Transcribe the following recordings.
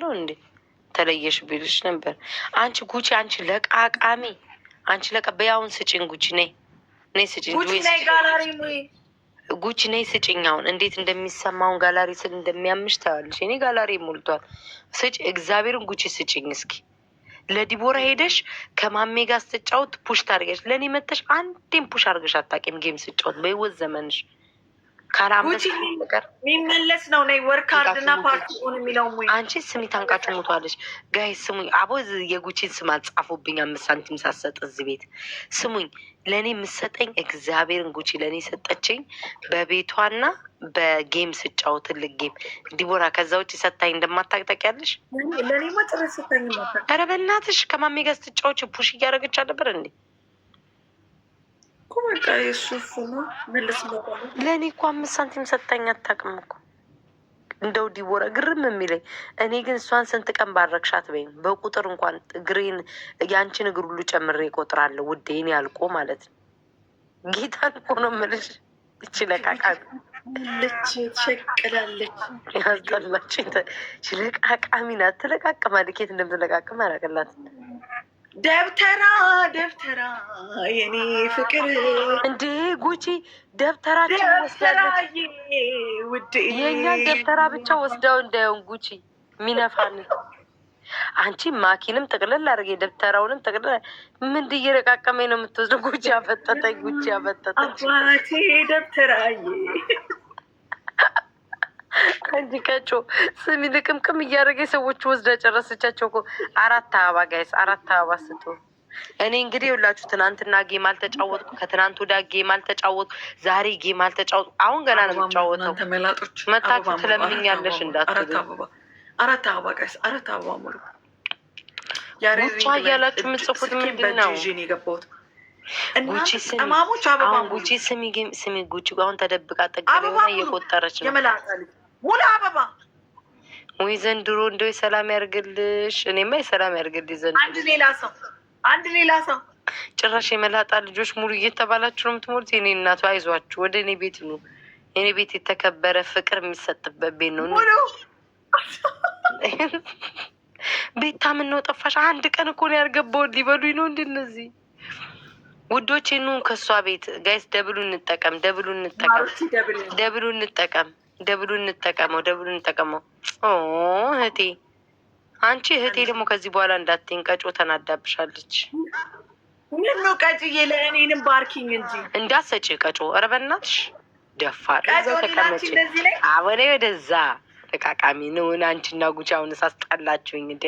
አውቃለሁ እንዴ ተለየሽ ቢልሽ ነበር። አንቺ ጉቺ፣ አንቺ ለቃቃሚ፣ አንቺ ለቃ በያውን ስጭኝ ጉቺ፣ ነይ ነይ ስጭኝ ጉቺ ነይ ስጭኝ። አሁን እንዴት እንደሚሰማውን ጋላሪ ስል እንደሚያምሽ ታያለሽ። እኔ ጋላሪ ሞልቷል። ስጭ እግዚአብሔርን ጉቺ ስጭኝ። እስኪ ለዲቦራ ሄደሽ ከማሜ ጋር ስትጫወት ፑሽ ታርገሽ ለእኔ መተሽ አንዴም ፑሽ አርገሽ አታውቂም። ጌም ስጫወት በህይወት ዘመንሽ የሚመለስ ነው ነ ወርካርድና ፓርቲን የሚለው ሙ አንቺ ስሚ ታንቃችሁ ሞቷለች። ጋይ ስሙኝ፣ አቦ የጉቺን ስም አልጻፉብኝ። አምስት ሳንቲም ሳሰጥ እዚህ ቤት ስሙኝ፣ ለእኔ የምሰጠኝ እግዚአብሔርን ጉቺ ለእኔ ሰጠችኝ በቤቷና በጌም ስጫወት ትልቅ ጌም ዲቦራ፣ ከዛ ውጭ ሰታኝ እንደማታቅጠቅ እንደማታቅ ታውቂያለሽ። ኧረ በእናትሽ ከማሜ ጋር ስትጫወች ፑሽ እያደረገች አልነበር እንዴ? በቃ የሱ እሱ ነው መልስ። ለእኔ እኮ አምስት ሳንቲም ሰጥታኝ አታውቅም እኮ እንደው ዲቦራ ግርም የሚለኝ እኔ ግን እሷን ስንት ቀን ባረግሻት በይም በቁጥር እንኳን እግሬን ያንቺን እግር ሁሉ ጨምሬ እቆጥራለሁ ውዴ። እኔ ማለት ነው ጌታን እኮ ነው የምልሽ። እቺ ለቃቃ ለች ትሸቅላለች። ያስጠላች ለቃቃሚ ናት። ትለቃቅማለች። ኬት እንደምትለቃቅም አላውቅላትም። ደብተራ ደብተራ የኔ ፍቅር እንደ ጉቺ ደብተራችን የእኛን ደብተራ ብቻ ወስደው እንዳየውን ጉቺ ሚነፋን አንቺ ማኪንም ጥቅልል አድርጌ ደብተራውንም ጥቅልል ምንድ እየረቃቀመኝ ነው የምትወስደው? ጉቺ አፈጠጠኝ፣ ጉቺ አፈጠጠኝ አባቴ ደብተራዬ አንቺ ቀጮ ስሚ፣ ልቅምቅም እያደረገ ሰዎች ወስዳ ጨረሰቻቸው እኮ። አራት አበባ ጋይስ፣ አራት አበባ ስጡ። እኔ እንግዲህ ሁላችሁ ትናንትና ጌም አልተጫወትኩ፣ ከትናንት ወዲያ ጌም አልተጫወትኩ፣ ዛሬ ጌም አልተጫወትኩ። አሁን ገና ነው የምጫወተው። መታችሁ ትለምኛለሽ እንዳትሉ። አራት አበባ ጋይስ፣ አራት አበባ ሙሉ ጉቻ እያላችሁ የምጽፉት ምንድን ነው? ጉቺ ስሚ፣ ስሚ ጉቺ አሁን ተደብቃ ጠገብ የሆነ እየቆጠረች ነው ሙሉ አበባ ወይ ዘንድሮ እንደው ሰላም ያርግልሽ። እኔማ የሰላም ያርግልሽ ዘንድሮ። አንድ ሌላ ሰው አንድ ሌላ ሰው ጭራሽ የመላጣ ልጆች ሙሉ እየተባላችሁ ነው የምትሞሉት። የኔ እናቱ አይዟችሁ፣ ወደ እኔ ቤት ነው። የኔ ቤት የተከበረ ፍቅር የሚሰጥበት ቤት ነው። ቤታ ምን ነው ጠፋሽ? አንድ ቀን እኮ ነው ያልገባሁት። ሊበሉኝ ነው እንደ እነዚህ ውዶቼ። ኑ ከእሷ ቤት ጋይስ፣ ደብሉ እንጠቀም፣ ደብሉ እንጠቀም፣ ደብሉ እንጠቀም። ደብሉ እንጠቀመው፣ ደብሉ እንጠቀመው። እህቴ አንቺ እህቴ ደግሞ ከዚህ በኋላ እንዳትይኝ፣ ቀጮ ተናዳብሻለች። ምን ነው ቀጭዬ፣ ለእኔንም ባርኪኝ እንጂ እንዳትሰጪ ቀጮ። ኧረ በእናትሽ ደፋር እዛው ተቀመጪ። አሁን ወደዛ ተቃቃሚ ነውን አንቺና ጉቻውን ሳስጣላችሁኝ እንደ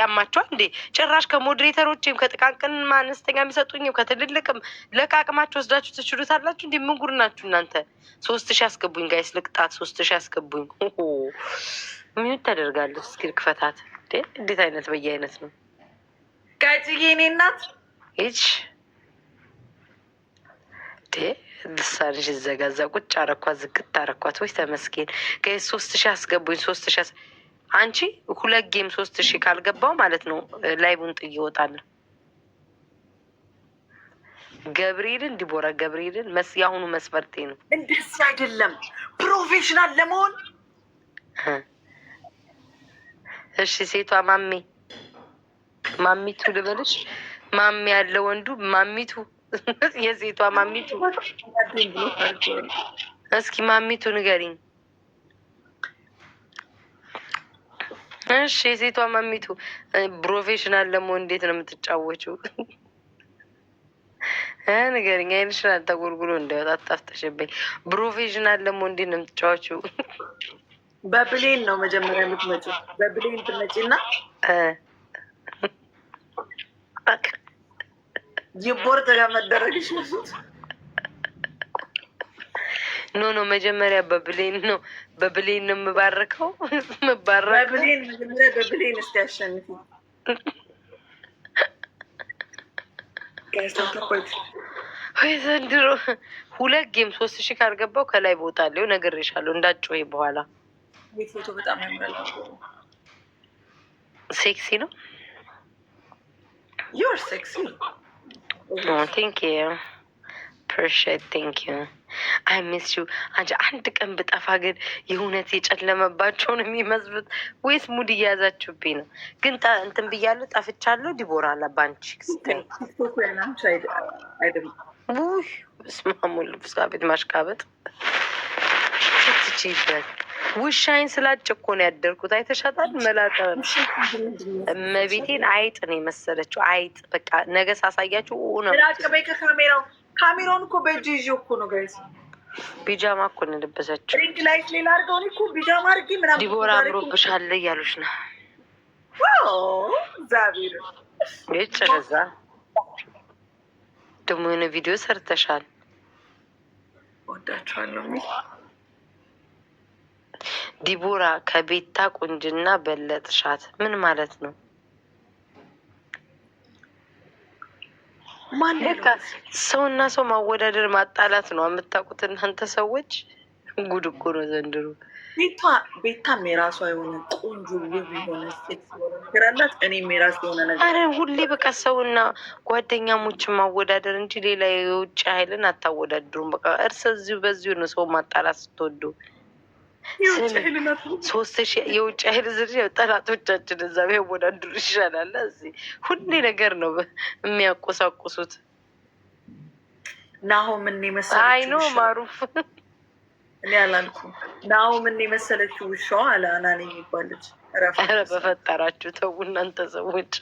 ያማቸዋል እንዴ? ጭራሽ ከሞዴሬተሮች ወይም ከጥቃቅን አነስተኛ የሚሰጡኝም ከትልልቅም ለቃቅማችሁ ወስዳችሁ ትችሉታላችሁ እንዴ? ምን ጉድ ናችሁ እናንተ? ሶስት ሺ አስገቡኝ ጋይስ፣ ልቅጣት ሶስት ሺ አስገቡኝ። ምን ታደርጋለሁ? እስኪ ክፈታት። እንዴት አይነት በየ አይነት ነው ጋጭ የኔ እናት ይች ልሳንሽ ዘጋዛ ቁጭ አረኳት፣ ዝግት አረኳት። ወይ ተመስገን ጋይስ፣ ሶስት ሺ አስገቡኝ። ሶስት ሺ አንቺ ሁለት ጌም ሶስት ሺህ ካልገባው ማለት ነው ላይቡን ጥዬ እወጣለሁ። ገብርኤልን ዲቦራ ገብርኤልን መስ የአሁኑ መስፈርቴ ነው። እንደዚህ አይደለም ፕሮፌሽናል ለመሆን እሺ። ሴቷ ማሜ ማሚቱ ልበልሽ። ማሜ ያለ ወንዱ ማሚቱ የሴቷ ማሚቱ። እስኪ ማሚቱ ንገሪኝ። እሺ የሴቷ ማሚቱ ፕሮፌሽናል ለመሆን እንዴት ነው የምትጫወችው? ንገሪኝ። አይንሽን አልተጎልጉሎ እንዳይወጣ አጣፍጠሽብኝ። ፕሮፌሽናል ለመሆን እንዴት ነው የምትጫወችው? በፕሌን ነው መጀመሪያ የምትመጪው። በፕሌን ትመጪና ይቦርጥ ጋር መደረግሽ ኖ ኖ መጀመሪያ በብሌን ነው በብሌን ነው የምባረከው የምባረከው በብሌን መጀመሪያ በብሌን እስቲ አሸንፉ። ወይ ዘንድሮ ሁለት ጌም ሶስት ሺህ ካልገባው ከላይ ቦታ አለው ነግሬሻለሁ። እንዳጮሄ በኋላ ሴክሲ ነው። ዩር ሴክሲ ቴንክ ዩ ፕሪሼት ቴንክ ዩ አይመስችው አንቺ አንድ ቀን ብጠፋ ግን የእውነት የጨለመባቸው ነው የሚመስሉት ወይስ ሙድ እያያዛችሁብኝ ነው? ግን እንትን ብያለሁ፣ ጠፍቻለሁ። ዲቦራ ለባንቺ ውይ ስማሙል ቤት ማሽቃበጥ ትችይበት። ውሻይን ስላጭ እኮ ነው ያደርኩት። አይተሻታል? መላጠ እመቤቴን አይጥ ነው የመሰለችው አይጥ። በቃ ነገ ሳሳያችሁ ነው ካሜሮን እኮ በእጅ ይዤ እኮ ነው ጋይዝ። ቢጃማ እኮ እንለበሰችው ሪንግ ላይት ሌላ አድርገውን እኮ ቢጃማ አድርጌ ምናምን ዲቦራ አምሮብሻል እያሉሽ ነው። እግዚአብሔር ጭርዛ ደግሞ የሆነ ቪዲዮ ሰርተሻል። ወዳችኋለሁ። ዲቦራ ከቤታ ቁንጅና በለጥሻት ምን ማለት ነው? ማለካ ሰውና ሰው ማወዳደር ማጣላት ነው። የምታውቁት እናንተ ሰዎች ጉድ እኮ ነው ዘንድሮ። ቤታ ቤታም የራሷ የሆነ ቆንጆ ውብ የሆነ ሴት ራላት እኔም የራሱ የሆነ ነገር አረ ሁሌ በቃ ሰውና ጓደኛሞችን ማወዳደር እንጂ ሌላ የውጭ ሀይልን አታወዳድሩም። በቃ እርስ እዚሁ በዚሁ ነው ሰው ማጣላት ስትወዱ ሶስት ሺህ የውጭ ኃይል ዝርያ ጠላቶቻችን እዛ ቢያወዳድሩ ይሻላል። እዚህ ሁሌ ነገር ነው የሚያቆሳቁሱት። ናሆ ምን መሰለች አይኖ ማሩፍ እኔ አላልኩም። ናሆ ምን የመሰለችው ውሻዋ አለ አናን የሚባለች ኧረ በፈጠራችሁ ተው እናንተ ሰዎች።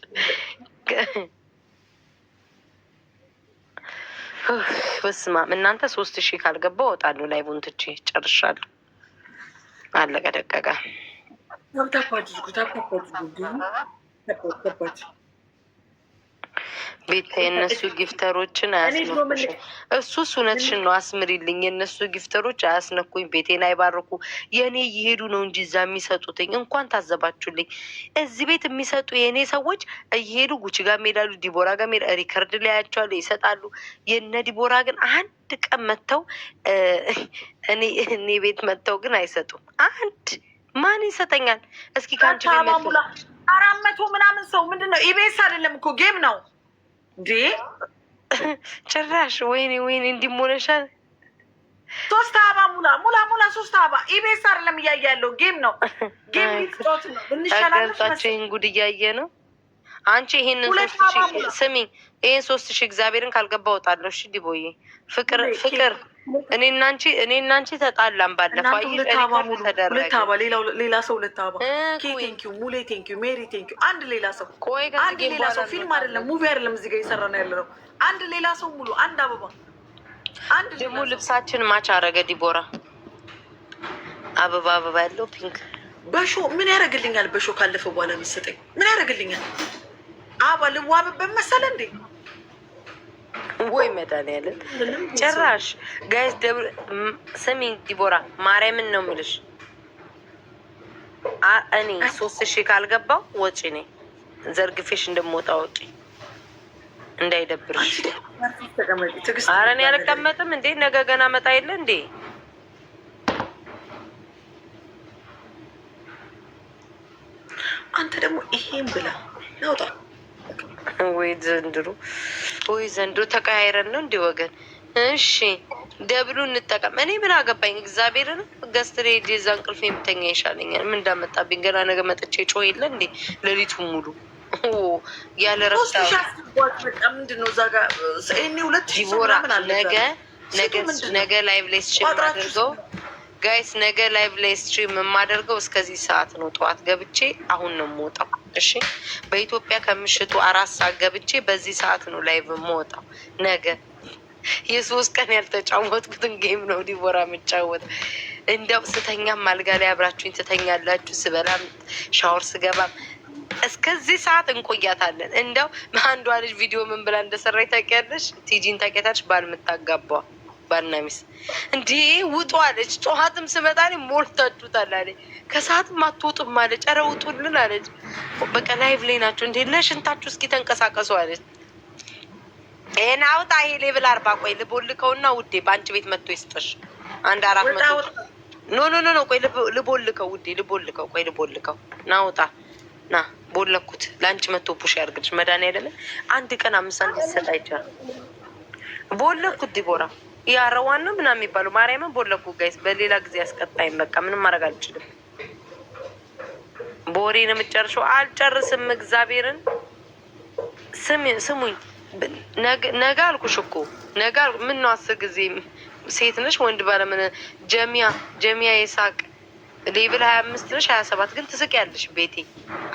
በስመ አብ እናንተ ሶስት ሺህ ካልገባ እወጣለሁ። ላይቡን ትቼ ጨርሻለሁ። አለቀ ደቀቀ። ቤታ የእነሱ ጊፍተሮችን አያስነኩሽም። እሱስ እውነትሽን ነው። አስምሪልኝ። የእነሱ ጊፍተሮች አያስነኩኝ፣ ቤቴን አይባርኩ። የእኔ እየሄዱ ነው እንጂ እዛ የሚሰጡትኝ እንኳን ታዘባችሁልኝ። እዚህ ቤት የሚሰጡ የእኔ ሰዎች እየሄዱ ጉች ጋር ሜዳሉ፣ ዲቦራ ጋር ሜዳ ሪከርድ ላይ ይሰጣሉ። የነ ዲቦራ ግን አንድ ቀን መጥተው እኔ ቤት መጥተው ግን አይሰጡም። አንድ ማን ይሰጠኛል? እስኪ ከአንቺ አራት መቶ ምናምን ሰው ምንድን ነው? ኢቤስ አይደለም እኮ ጌም ነው። ጭራሽ ወይኔ ወይኔ እንዲሞነሻል ሶስት አባ ሙላ ሙላ ሙላ ሶስት አባ ኢቤስ አይደለም እያየ ያለው ጌም ነው። ጌም ሊጫወት ነው። እንሻላለን ጉድ እያየ ነው። አንቺ ይሄንን ስሚ፣ ይሄን ሶስት ሺ እግዚአብሔርን ካልገባ ወጣለሁ። እሺ ዲቦዬ፣ ፍቅር ፍቅር፣ እኔ እናንቺ እኔ እናንቺ ተጣላን ባለፈው። ሌላ ሰው ልታባ ሙሌ ቴንኪው ሜሪ ቴንኪው። አንድ ሌላ ሰው ቆይ አንድ ሌላ ሰው ፊልም አይደለም ሙቪ አይደለም እዚህ ጋር እየሰራ ነው ያለ ነው። አንድ ሌላ ሰው ሙሉ አንድ አበባ አንድ ደግሞ ልብሳችን ማች አረገ። ዲቦራ አበባ አበባ ያለው ፒንክ በሾ ምን ያደርግልኛል? በሾ ካለፈ በኋላ መሰጠኝ ምን ያደርግልኛል? አባ ልዋብበት መሰለ እንዴ ወይ መድኃኒዓለም ጭራሽ ጋይስ ደብረ ስሚ ዲቦራ ማርያምን ነው የምልሽ እኔ ሶስት ሺህ ካልገባው ወጪ ኔ ዘርግፌሽ እንደምወጣ ወጪ እንዳይደብርሽ ኧረ እኔ አልቀመጥም እንዴ ነገ ገና መጣ የለ እንዴ አንተ ደግሞ ይሄን ብላ ያውጣ ወይ ዘንድሮ ወይ ዘንድሮ ተቀያይረን ነው እንዲህ ወገን። እሺ ደብሉ እንጠቀም። እኔ ምን አገባኝ? እግዚአብሔር ነው ገስትሬ ሄጄ እዛ እንቅልፍ የምተኛ ይሻለኛል። ምን እንዳመጣብኝ ገና ነገ መጥቼ ጮ የለ እንዴ ሌሊቱ ሙሉ ያለ ረፍታ ምንድነው? እዛ ጋር ሁለት ነገ ነገ ላይ ብላይ ስችል አድርገው ጋይስ ነገ ላይቭ ላይ ስትሪም የማደርገው እስከዚህ ሰዓት ነው። ጠዋት ገብቼ አሁን ነው የምወጣው። እሺ በኢትዮጵያ ከምሽቱ አራት ሰዓት ገብቼ በዚህ ሰዓት ነው ላይቭ የምወጣው። ነገ የሶስት ቀን ያልተጫወትኩትን ጌም ነው ዲቦራ የምጫወት። እንደው ስተኛም አልጋ ላይ አብራችሁኝ ትተኛላችሁ። ስበላም ሻወር ስገባም እስከዚህ ሰዓት እንቆያታለን። እንደው አንዷ ልጅ ቪዲዮ ምን ብላ እንደሰራች ታውቂያለሽ? ቲጂን ታውቂያታለሽ? ባል የምታጋባዋ ባልና ሚስት እንዴ ውጡ አለች። ጠዋትም ስመጣ ሞልታችሁታል አለች። ከሰዓትም አትወጡም አለች። ኧረ ውጡልን አለች። በቃ ላይቭ ላይ ናቸው እንዴ ለሽንታችሁ እስኪ ተንቀሳቀሱ አለች። ይህን አውጣ ይሄ ሌብል አርባ ቆይ ልቦልከውና ውዴ በአንቺ ቤት መጥቶ ይስጥሽ አንድ አራት መቶ ኖ ኖ ኖ ቆይ ልቦልከው ውዴ ልቦልከው ቆይ ልቦልከው ናውጣ ና ቦለኩት ለአንቺ መቶ ፑሽ ያርግልሽ መድኃኒዓለም አንድ ቀን አምስት አንድ ይሰጣ ቦለኩት ዲቦራ ያረዋን ነው ምናምን የሚባለው ማርያምን ቦለኩ ጋይስ፣ በሌላ ጊዜ ያስቀጣኝ። በቃ ምንም ማድረግ አልችልም። በወሬ ነው የምጨርሰው። አልጨርስም። እግዚአብሔርን ስሙኝ። ነገ አልኩሽ እኮ ነገ። ምን ነው አስር ጊዜ ሴት ነሽ ወንድ ባለምን ጀሚያ ጀሚያ የሳቅ ሌብል ሀያ አምስት ነሽ ሀያ ሰባት ግን ትስቅ ያለሽ ቤቴ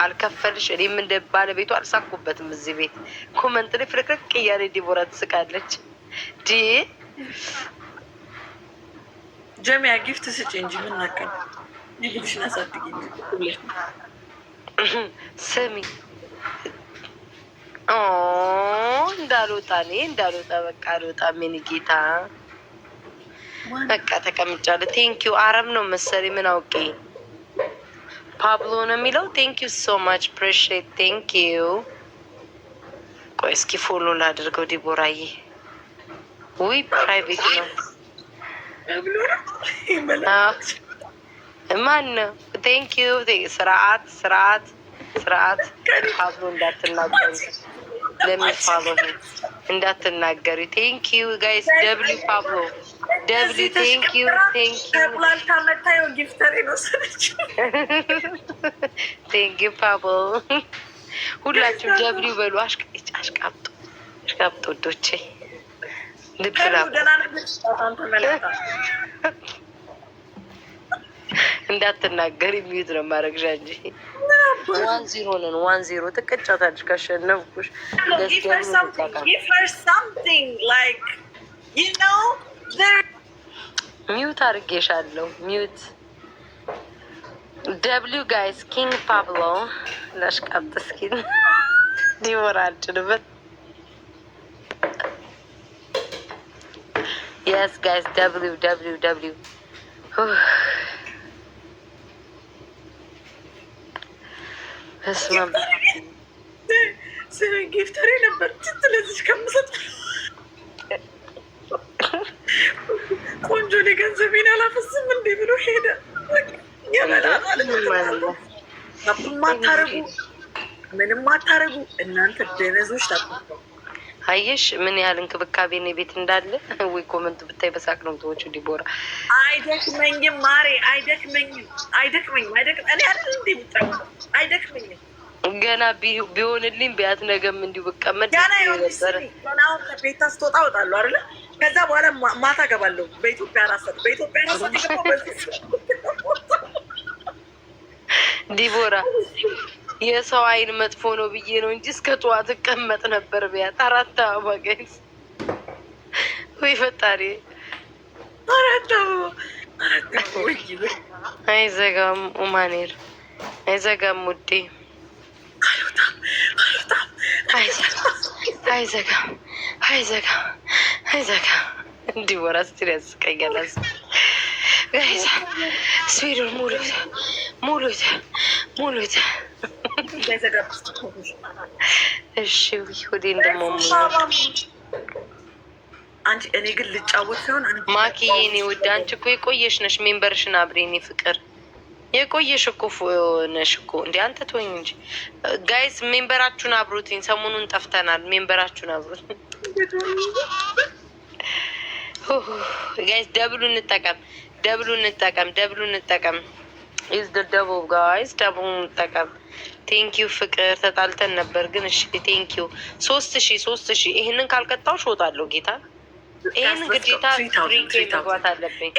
አልከፈልሽ። እኔም እንደ ባለቤቱ አልሳቅኩበትም። እዚህ ቤት ኮመንት ላይ ፍልቅልቅ እያለ ዲቦራ ትስቃለች ዲ ጀሚያ ጊፍት ስጭ እንጂ ምን ናቀኝ። ልጅሽን አሳድጊ ስሚ። እንዳልወጣ እኔ እንዳልወጣ በቃ አልወጣም። የእኔ ጌታ በቃ ተቀምጫለሁ። ቴንኪው አረም ነው መሰለኝ። ምን አውቄ ፓብሎ ነው የሚለው። ቴንኪው ሶ ማች ፕሬሽት ቴንኪው። ቆይ እስኪ ፎሎ ላድርገው ዲቦራዬ ውይ ፕራይቬት ነው። ማን ነው? ቴንክ ዩ። ስርዓት ስርዓት ስርዓት አብሮ እንዳትናገሩ ለሚፋበሩ እንዳትናገሪ። ቴንክ ዩ ጋይስ። ደብሊ ፓብሎ ደብሊ ቴንክ ዩ ቴንክ ዩ ቴንክ ዩ ፓብሎ። ሁላችሁ ደብሊ በሉ። አሽቃብጦ አሽቃብጦ ዶቼ እንዳትናገር የሚዩት ነው ማረግሻ እንጂ ዋን ዜሮ ነን። ዋን ዜሮ ትቀጫታለሽ። ካሸነፍኩሽ ሚዩት አድርጌሻለሁ። ሚዩት ደብሊው ጋይስ ኪንግ ፓብሎ ላሽቃጥ እስኪን ሊወራ አልችልበት የስ Yes, guys, www. ጊፍተሪ ነበር ስለዚህ ከምሰጥ ቆንጆ ገንዘቤን አላፈስም እንዴ ብሎ ሄደ። ምንም አታረጉ እናንተ ደነዞች ታቁ አየሽ ምን ያህል እንክብካቤ እኔ ቤት እንዳለ። ወይ ኮመንት ብታይ በሳቅ ነው ተወቹ። ዲቦራ አይደክመኝም ማሬ፣ አይደክመኝም፣ አይደክመኝም፣ አይደክም እኔ አይደል እንዴ የምጫወተው አይደክመኝም። ገና ቢሆንልኝ ቢያት ነገም እንዲሁ ብቀመጥ ገና ሆነበረ ገናሁን ከቤታ ስትወጣ ወጣለሁ አይደለ? ከዛ በኋላ ማታ ገባለሁ። በኢትዮጵያ ራሰት በኢትዮጵያ ራሰት ዲቦራ የሰው አይን መጥፎ ነው ብዬ ነው እንጂ እስከ ጠዋት እቀመጥ ነበር። ቢያት አራት አበባ ጋይስ፣ ወይ ፈጣሪ፣ አራት አበባ አይዘጋም። ኡማኔር አይዘጋም፣ ውዴ አይዘጋም፣ አይዘጋም፣ አይዘጋም። እንዲህ ወራ ስትል ያስቀኛል። ስዊድን ሙሉት፣ ሙሉት፣ እሺ ሁዴ አንቺ እኔ ግን ልጫወት ሲሆን ማኪዬ፣ እኔ ውድ አንቺ እኮ የቆየሽ ነሽ። ሜምበርሽን አብሬ እኔ ፍቅር የቆየሽ እኮ ነሽ እኮ እንደ አንተ ትወኝ እንጂ ጋይስ፣ ሜምበራችሁን አብሩትኝ። ሰሞኑን ጠፍተናል። ሜምበራችሁን አብሩት ጋይስ። ደብሉ እንጠቀም፣ ደብሉ እንጠቀም፣ ደብሉ እንጠቀም። ኢዝ ደ ደቡብ ጋይስ፣ ደቡብ እንጠቀም። ቴንኪዩ ፍቅር ተጣልተን ነበር ግን እሺ ቴንኪዩ ሶስት ሺ ሶስት ሺ ይህንን ካልቀጣው እወጣለሁ ጌታ ይህን ግዴታ መግባት አለብኝ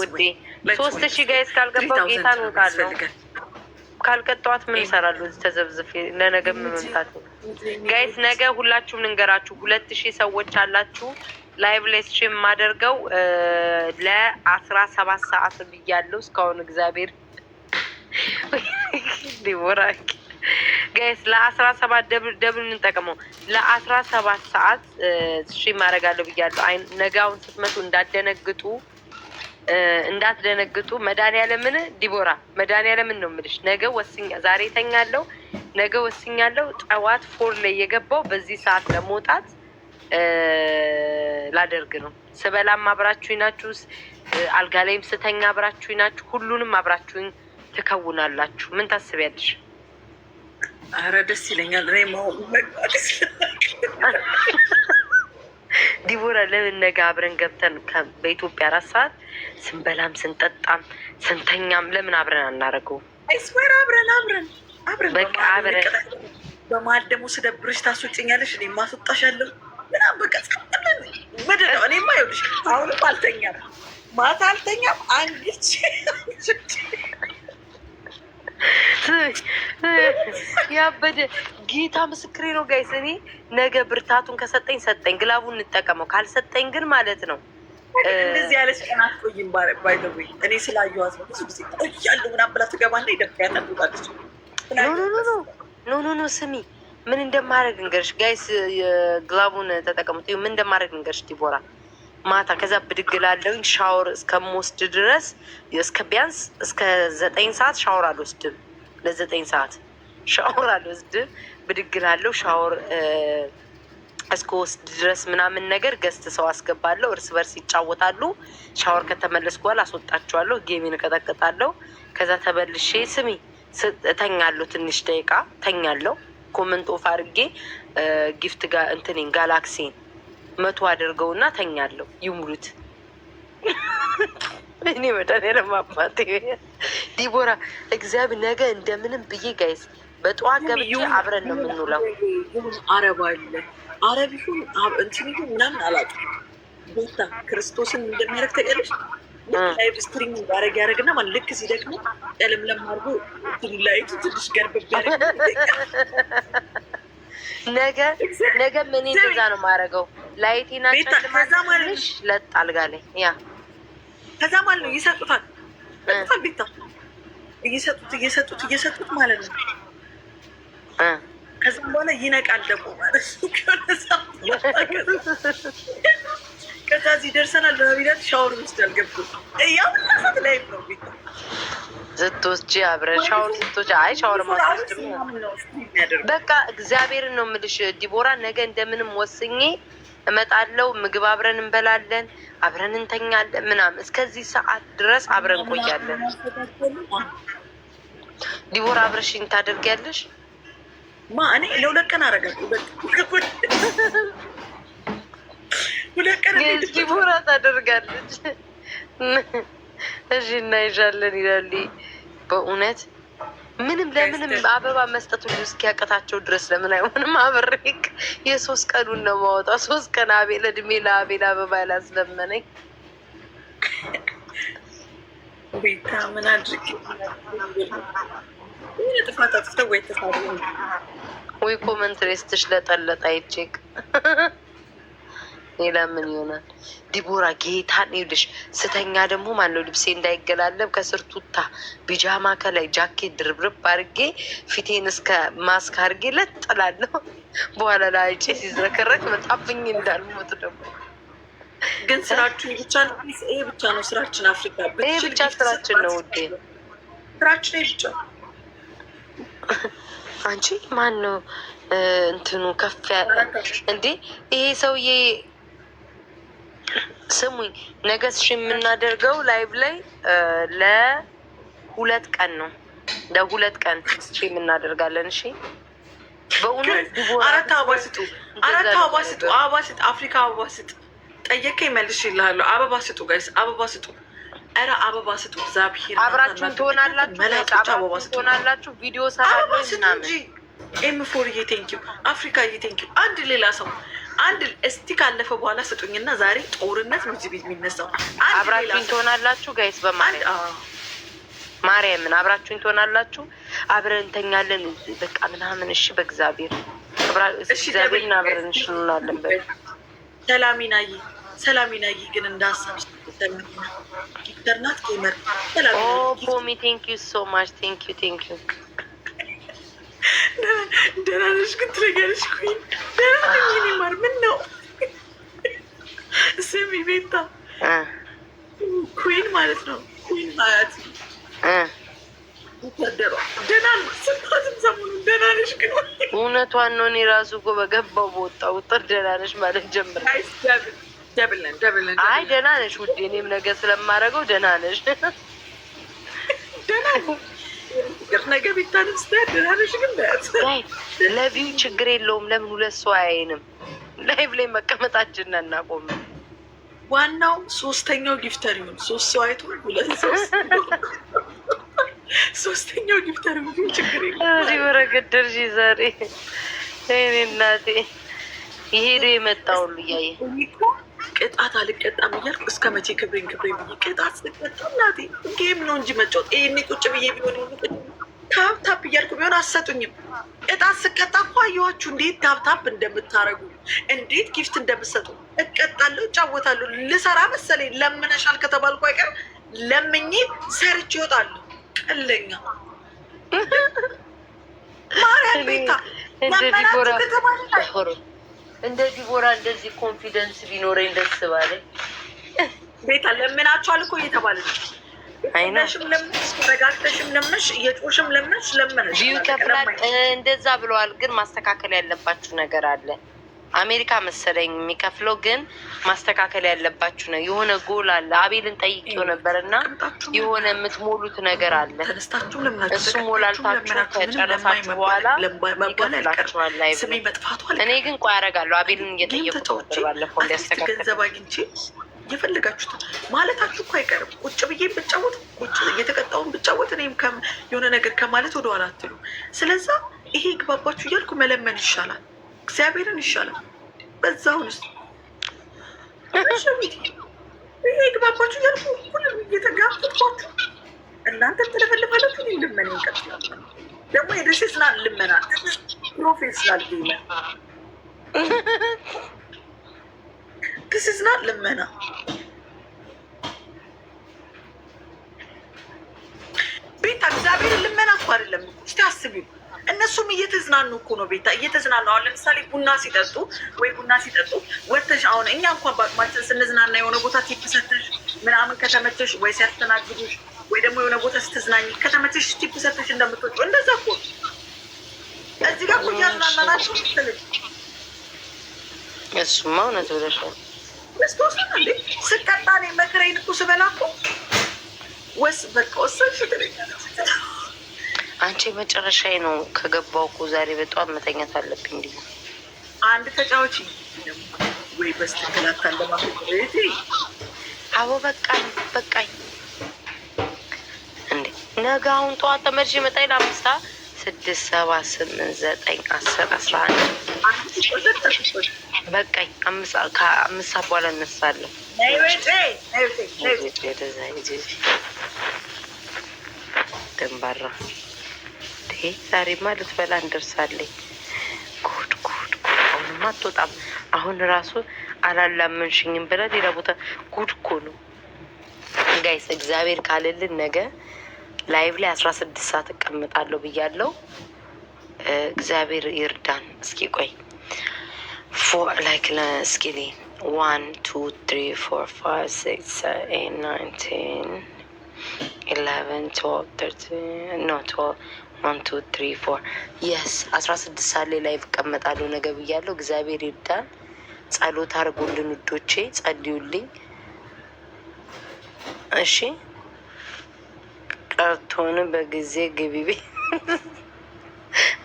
ውዴ ሶስት ሺ ጋይዝ ካልገባው ጌታ እንወጣለሁ ካልቀጠዋት ምን ይሰራሉ? ተዘብዝፍ ለነገ ምን መምጣት ጋይዝ ነገ ሁላችሁም ልንገራችሁ ሁለት ሺህ ሰዎች አላችሁ ላይቭ ላይ ስትሪም የማደርገው ለአስራ ሰባት ሰዓት ብያለሁ። እስካሁን እግዚአብሔር ዲቦራክ ጋይስ ለአስራ ሰባት ደብል እንጠቅመው ለአስራ ሰባት ሰዓት ስትሪም አደርጋለሁ ብያለሁ። አይ ነጋውን ስትመጡ እንዳትደነግጡ እንዳትደነግጡ። መድኃኒዓለምን ዲቦራ መድኃኒዓለምን ነው የምልሽ። ነገ ወስኛ ዛሬ ተኛለው፣ ነገ ወስኛለው። ጠዋት ፎር ላይ የገባው በዚህ ሰዓት ለመውጣት ላደርግ ነው። ስበላም አብራችሁኝ ናችሁ፣ አልጋ ላይም ስተኛ አብራችሁኝ ናችሁ። ሁሉንም አብራችሁኝ ትከውናላችሁ። ምን ታስቢያለሽ? አረ ደስ ይለኛል። ዲቦራ ለምን ነገ አብረን ገብተን በኢትዮጵያ አራት ሰዓት ስንበላም ስንጠጣም ስንተኛም ለምን አብረን አናደርገውም? አይስዌር አብረን አብረን አብረን በቃ አብረን በማል ደግሞ ስደብርሽ ታስወጭኛለሽ እኔ ማስወጣሻለሁ ምናምን በቃ ምንድን ነው? እኔማ ይኸውልሽ አሁንም አልተኛም፣ ማታ አልተኛም። አንግች ያበደ ጌታ ምስክሬ ነው ጋይስ። እኔ ነገ ብርታቱን ከሰጠኝ ሰጠኝ፣ ግላቡን እንጠቀመው። ካልሰጠኝ ግን ማለት ነው እንደዚህ ያለች ቀን አትቆይም። ባይዘዊ እኔ ስላየኋት ነው ብዙ ጊዜ ቆያለሁ ምናምን ብላ ትገባና ይደፍያታል። ትወጣለች። ኖ ኖ ኖ ኖ ኖ ስሚ ምን እንደማድረግ እንገርሽ ጋይስ፣ ግላቡን ተጠቀሙት። ምን እንደማድረግ እንገርሽ ዲቦራ ማታ ከዛ ብድግ እላለሁኝ ሻወር እስከምወስድ ድረስ እስከ ቢያንስ እስከ ዘጠኝ ሰዓት ሻወር አልወስድም። ለዘጠኝ ሰዓት ሻወር አልወስድም። ብድግ እላለሁ ሻወር እስከ ወስድ ድረስ ምናምን ነገር ገስት ሰው አስገባለሁ። እርስ በርስ ይጫወታሉ። ሻወር ከተመለስኩ በኋላ አስወጣቸዋለሁ። ጌሜን እቀጠቅጣለሁ። ከዛ ተበልሼ ስሚ እተኛለሁ። ትንሽ ደቂቃ ተኛለሁ። ኮመንት ኦፍ አድርጌ ጊፍት ጋር እንትኔን ጋላክሲን መቶ አድርገውና ተኛለሁ። ይሙሉት እኔ መድኃኒዓለም ለማባት ዲቦራ እግዚአብሔር ነገ እንደምንም ብዬ ጋይዝ በጠዋት ገብቼ አብረን ነው የምንውለው። አረብ አለ አረብ ይሁን እንትን ይሁን ምናምን አላውቅም። ቦታ ክርስቶስን እንደሚያደርግ ተቀለሽ ላይቭ ስትሪም ባረግ ያደረግና ማለት ልክ ሲደክሙ ለምለም አድርጎ ላይቱ ትንሽ ገርብብ ነገ ነገ ምን እንደዛ ነው ማረገው ላይቴና ከዛ ማለት ለጥ አልጋ ላይ ያ ከዛ ማለት ነው ይሰጡታል ይሰጡታል ቤታ እየሰጡት እየሰጡት እየሰጡት ማለት ነው። ከዛም በኋላ ይነቃል ደግሞ ማለት ነው ከዛ እዚህ ደርሰናል። ለመቢላት ሻወር ውስጥ ያልገቡ እያምናሳት ላይ ነው ስትወስጂ አብረን ሻወር ስትወስጂ፣ አይ ሻወር ማለት በቃ እግዚአብሔርን ነው የምልሽ ዲቦራ። ነገ እንደምንም ወስኜ እመጣለሁ። ምግብ አብረን እንበላለን፣ አብረን እንተኛለን ምናምን። እስከዚህ ሰዓት ድረስ አብረን እንቆያለን። ዲቦራ አብረሽኝ ታደርጊያለሽ ማ እኔ ለሁለት ቀን አረጋለሁ ዲቦራ ታደርጋለች። እሺ እናይሻለን ይላሉ። በእውነት ምንም ለምንም አበባ መስጠቱ እስኪያቀታቸው ድረስ ለምን አይሆንም? አብሬክ የሶስት ቀኑን ነው ማወጣው። ሶስት ቀን አቤል እድሜ ለአቤል አበባ ያላስለመነኝ ቤታ ምን አድርግ ጥፋት አጥፍተው ወይ ተሳደ ወይ ኮመንት ሬስትሽ ለጠለጣ ይቼክ ሌላ ምን ይሆናል? ዲቦራ ጌታን ይኸውልሽ፣ ስተኛ ደግሞ ማነው ልብሴ እንዳይገላለብ ከስር ቱታ ቢጃማ ከላይ ጃኬት ድርብርብ አድርጌ ፊቴን እስከ ማስክ አድርጌ ለጥላለሁ። በኋላ ላጭ ሲዝረከረክ መጣብኝ እንዳልሞት ደግሞ ግን ስራችን ብቻ ነው። ይሄ ብቻ ነው ስራችን። አፍሪካ ይሄ ብቻ ስራችን ነው ውዴ፣ ስራችን ብቻ። አንቺ ማን ነው እንትኑ ከፍ ያለ እንዴ? ይሄ ሰውዬ ስሙኝ፣ ነገ እሺ፣ የምናደርገው ላይቭ ላይ ለሁለት ቀን ነው። ለሁለት ቀን ስትሪም እናደርጋለን። እሺ፣ በእውነት አራት አበባ ስጡ፣ አራት አበባ ስጡ፣ አበባ ስጥ፣ አፍሪካ አበባ ስጥ። ጠየቀኝ መልሼልሃለሁ። አበባ ስጡ ጋይስ፣ አበባ ስጡ። ኧረ አበባ ስጡ። እግዚአብሔር አብራችሁን ትሆናላችሁ፣ አበባ ስጡ፣ ትሆናላችሁ። ቪዲዮ ሰራ አበባ ስጡ እንጂ ኤም ፎር ቴንኪው አፍሪካ ቴንኪው። አንድ ሌላ ሰው አንድ እስቲ ካለፈ በኋላ ስጡኝና ዛሬ ጦርነት ነው እዚህ ቤት የሚነሳው። አብራችሁኝ ትሆናላችሁ ጋይስ፣ በማርያም ማርያምን አብራችሁኝ ትሆናላችሁ። አብረን እንተኛለን በቃ ምናምን። እሺ በእግዚአብሔር እግዚአብሔር አብረን በ እንሆናለን። በ ሰላሚናይ ሰላሚናይ ግን እንዳሳብ ኢንተርናት ኦ ዶክተር ናት ዩ ሶ ማች ዩ ቴንኪዩ ዩ ደህና ነሽ ግን ትለኛለሽ። ኩኝ ደህና ነኝ የእኔ ማር። ምን ነው ስሚ ቤታ፣ ኩን ማለት ነው ኩን ማለት ወታደሯ ደህና ነው እውነቷን ነው። እኔ እራሱ እኮ በገባው በወጣ ውጥር ደህና ነሽ ማለት ጀምር። አይ ደህና ነሽ ውዴ፣ እኔም ነገር ስለማደርገው ደህና ነሽ ደህና ለቪው ችግር የለውም። ለምን ሁለት ሰው አያይንም? ላይቭ ላይ መቀመጣችንን እናቆም። ዋናው ሶስተኛው ጊፍተር ይሁን። ሶስት ሰው አይቶ ሁለት ሰው ሶስተኛው ጊፍተር ይሁን፣ ችግር የለም። ወረገደር ዛሬ እኔ እናቴ የሄደው የመጣ ሁሉ እያየ ቅጣት አልቀጣም እያልኩ እስከ መቼ ክብሬን ክብሬ ብዬ ቅጣት ስቀጣ እናቴ ጌም ነው እንጂ መጫወት ይሄኔ ቁጭ ብዬ ቢሆን ታብታብ እያልኩ ቢሆን አሰጡኝም። ቅጣት ስቀጣ እኮ አየኋችሁ እንዴት ታብታብ እንደምታረጉ እንዴት ጊፍት እንደምሰጡ። እቀጣለሁ፣ እጫወታለሁ። ልሰራ መሰለኝ ለምነሻል ከተባልኩ አይቀር ለምኜ ሰርች ይወጣሉ። ቀለኛ ማርያም ቤታ ለመናችሁ ከተባለ እንደዚህ ቦራ እንደዚህ ኮንፊደንስ ቢኖረኝ ደስ ባለ። ቤታ ለምናችኋል እኮ እየተባለ ነው። አይናሽም ለምነሽ ተረጋግተሽም ለምነሽ እየጮሽም ለምነሽ ለምነሽ ቢዩ ከፍላል እንደዛ ብለዋል። ግን ማስተካከል ያለባችሁ ነገር አለ። አሜሪካ መሰለኝ የሚከፍለው ግን ማስተካከል ያለባችሁ ነው። የሆነ ጎል አለ። አቤልን ጠይቄው ነበር እና የሆነ የምትሞሉት ነገር አለ። እሱ ሞላልታችሁ ከጨረሳችሁ በኋላ ይከፍላችኋል። እኔ ግን ቆይ አደርጋለሁ። አቤልን እየጠየቁት ነበር ባለፈው እንዲያስተካክል የፈለጋችሁትን ማለታችሁ እኮ አይቀርም። ቁጭ ብዬ ብጫወት ቁጭ እየተቀጣውን ብጫወት እኔም የሆነ ነገር ከማለት ወደኋላ አትሉ። ስለዛ ይሄ ግባባችሁ እያልኩ መለመን ይሻላል። እግዚአብሔርን ይሻላል። በዛው ውስጥ ግባባችሁ ያልኩ ሁሉም እየተጋፈጥኳችሁ እናንተ ተለፈልፋላችሁ። ልመን ይቀጥላል። ደግሞ የደሴ ስላ ልመና ፕሮፌሽናል ጌመ ስላ ልመና ቤታ እግዚአብሔርን ልመና እኮ አይደለም እስቲ አስቢው እነሱም እየተዝናኑ እኮ ነው ቤታ እየተዝናኑ አሁን ለምሳሌ ቡና ሲጠጡ ወይ ቡና ሲጠጡ ወተሽ አሁን እኛ እንኳን በአቅማችን ስንዝናና የሆነ ቦታ ሲፕሰተሽ ምናምን ከተመቸሽ ወይ ሲያስተናግዱሽ ወይ ደግሞ የሆነ ቦታ ስትዝናኝ ከተመቸሽ ሲፕሰተሽ እንደምትወጪ እንደዛ እኮ እዚህ ጋር እያዝናናናቸው ትልጅ እሱማ እውነት ብለሻል። ክርስቶስን እንዴ ስቀጣኔ መከራዬን እኮ ስበላ እኮ ወስ በቃ ወሰንሽ ትለኛለች አንቺ መጨረሻዬ ነው ከገባው እኮ ዛሬ በጠዋት መተኛት አለብኝ። እንዲ አንድ ተጫዎች ወይ በስተከላካል አቦ በቃኝ በቃኝ። እንዴ ነገ አሁን ጠዋት ተመልሼ መጣኝ ለአምስታ ስድስት ሰባት ስምንት ዘጠኝ አስር አስራ አንድ በቃኝ። ከአምስት ሰዓት በኋላ እነሳለሁ። ደንባራ ቡሄ ዛሬማ ልትበላ እንደርሳለኝ። ጉድ ጉድ ጉድ! አሁንማ አትወጣም። አሁን ራሱ አላላመንሽኝም ብለ ሌላ ቦታ ጉድ እኮ ነው ጋይስ። እግዚአብሔር ካለልን ነገ ላይቭ ላይ አስራ ስድስት ሰዓት እቀምጣለሁ ብያለሁ። እግዚአብሔር ይርዳን። እስኪ ቆይ ላይክ እስኪ ዋን ቱ ትሪ ፎር ፋይቭ ሲክስ ኤይት ናይን ኢለቨን ትዌልቭ ተርቲን ኖ ትዌልቭ ዋን ቱ ትሪ ፎር የስ አስራ ስድስት ሰዓት ላይ ላይቭ እቀመጣለሁ ነገ ብያለሁ። እግዚአብሔር ይርዳን። ጸሎት አድርጉልን ውዶቼ፣ ጸልዩልኝ። እሺ ቀርቶን በጊዜ ግቢቢ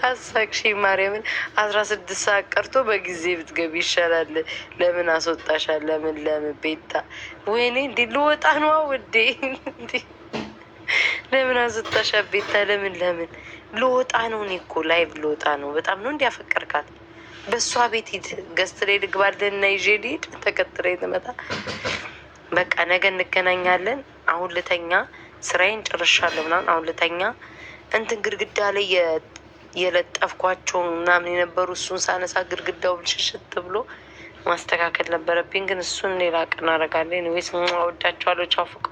አሳቅሺ ማርያምን አስራ ስድስት ሰዓት ቀርቶ በጊዜ ብትገቢ ይሻላል። ለምን አስወጣሻል? ለምን ለምን ቤታ ወይኔ እንዲ ልወጣ ነዋ ውዴ። ለምን አዝጣሻ? ቤታ ለምን ለምን? ልወጣ ነው እኔ እኮ ላይቭ ልወጣ ነው። በጣም ነው እንዲያፈቀርካት በእሷ ቤት ሂድ። ገስት ላይ ልግባለን እና ይዤ ልሂድ። ተከትለኝ ትመጣ። በቃ ነገ እንገናኛለን። አሁን ልተኛ፣ ስራዬን ጨርሻለሁ ምናምን። አሁን ልተኛ። እንትን ግድግዳ ላይ የለጠፍኳቸውን ምናምን የነበሩ እሱን ሳነሳ ግድግዳው ብልሽሽት ብሎ ማስተካከል ነበረብኝ፣ ግን እሱን ሌላ ቀን አደርጋለሁ። ወይስ ወዳቸዋለሁ። ቻው ፍቅር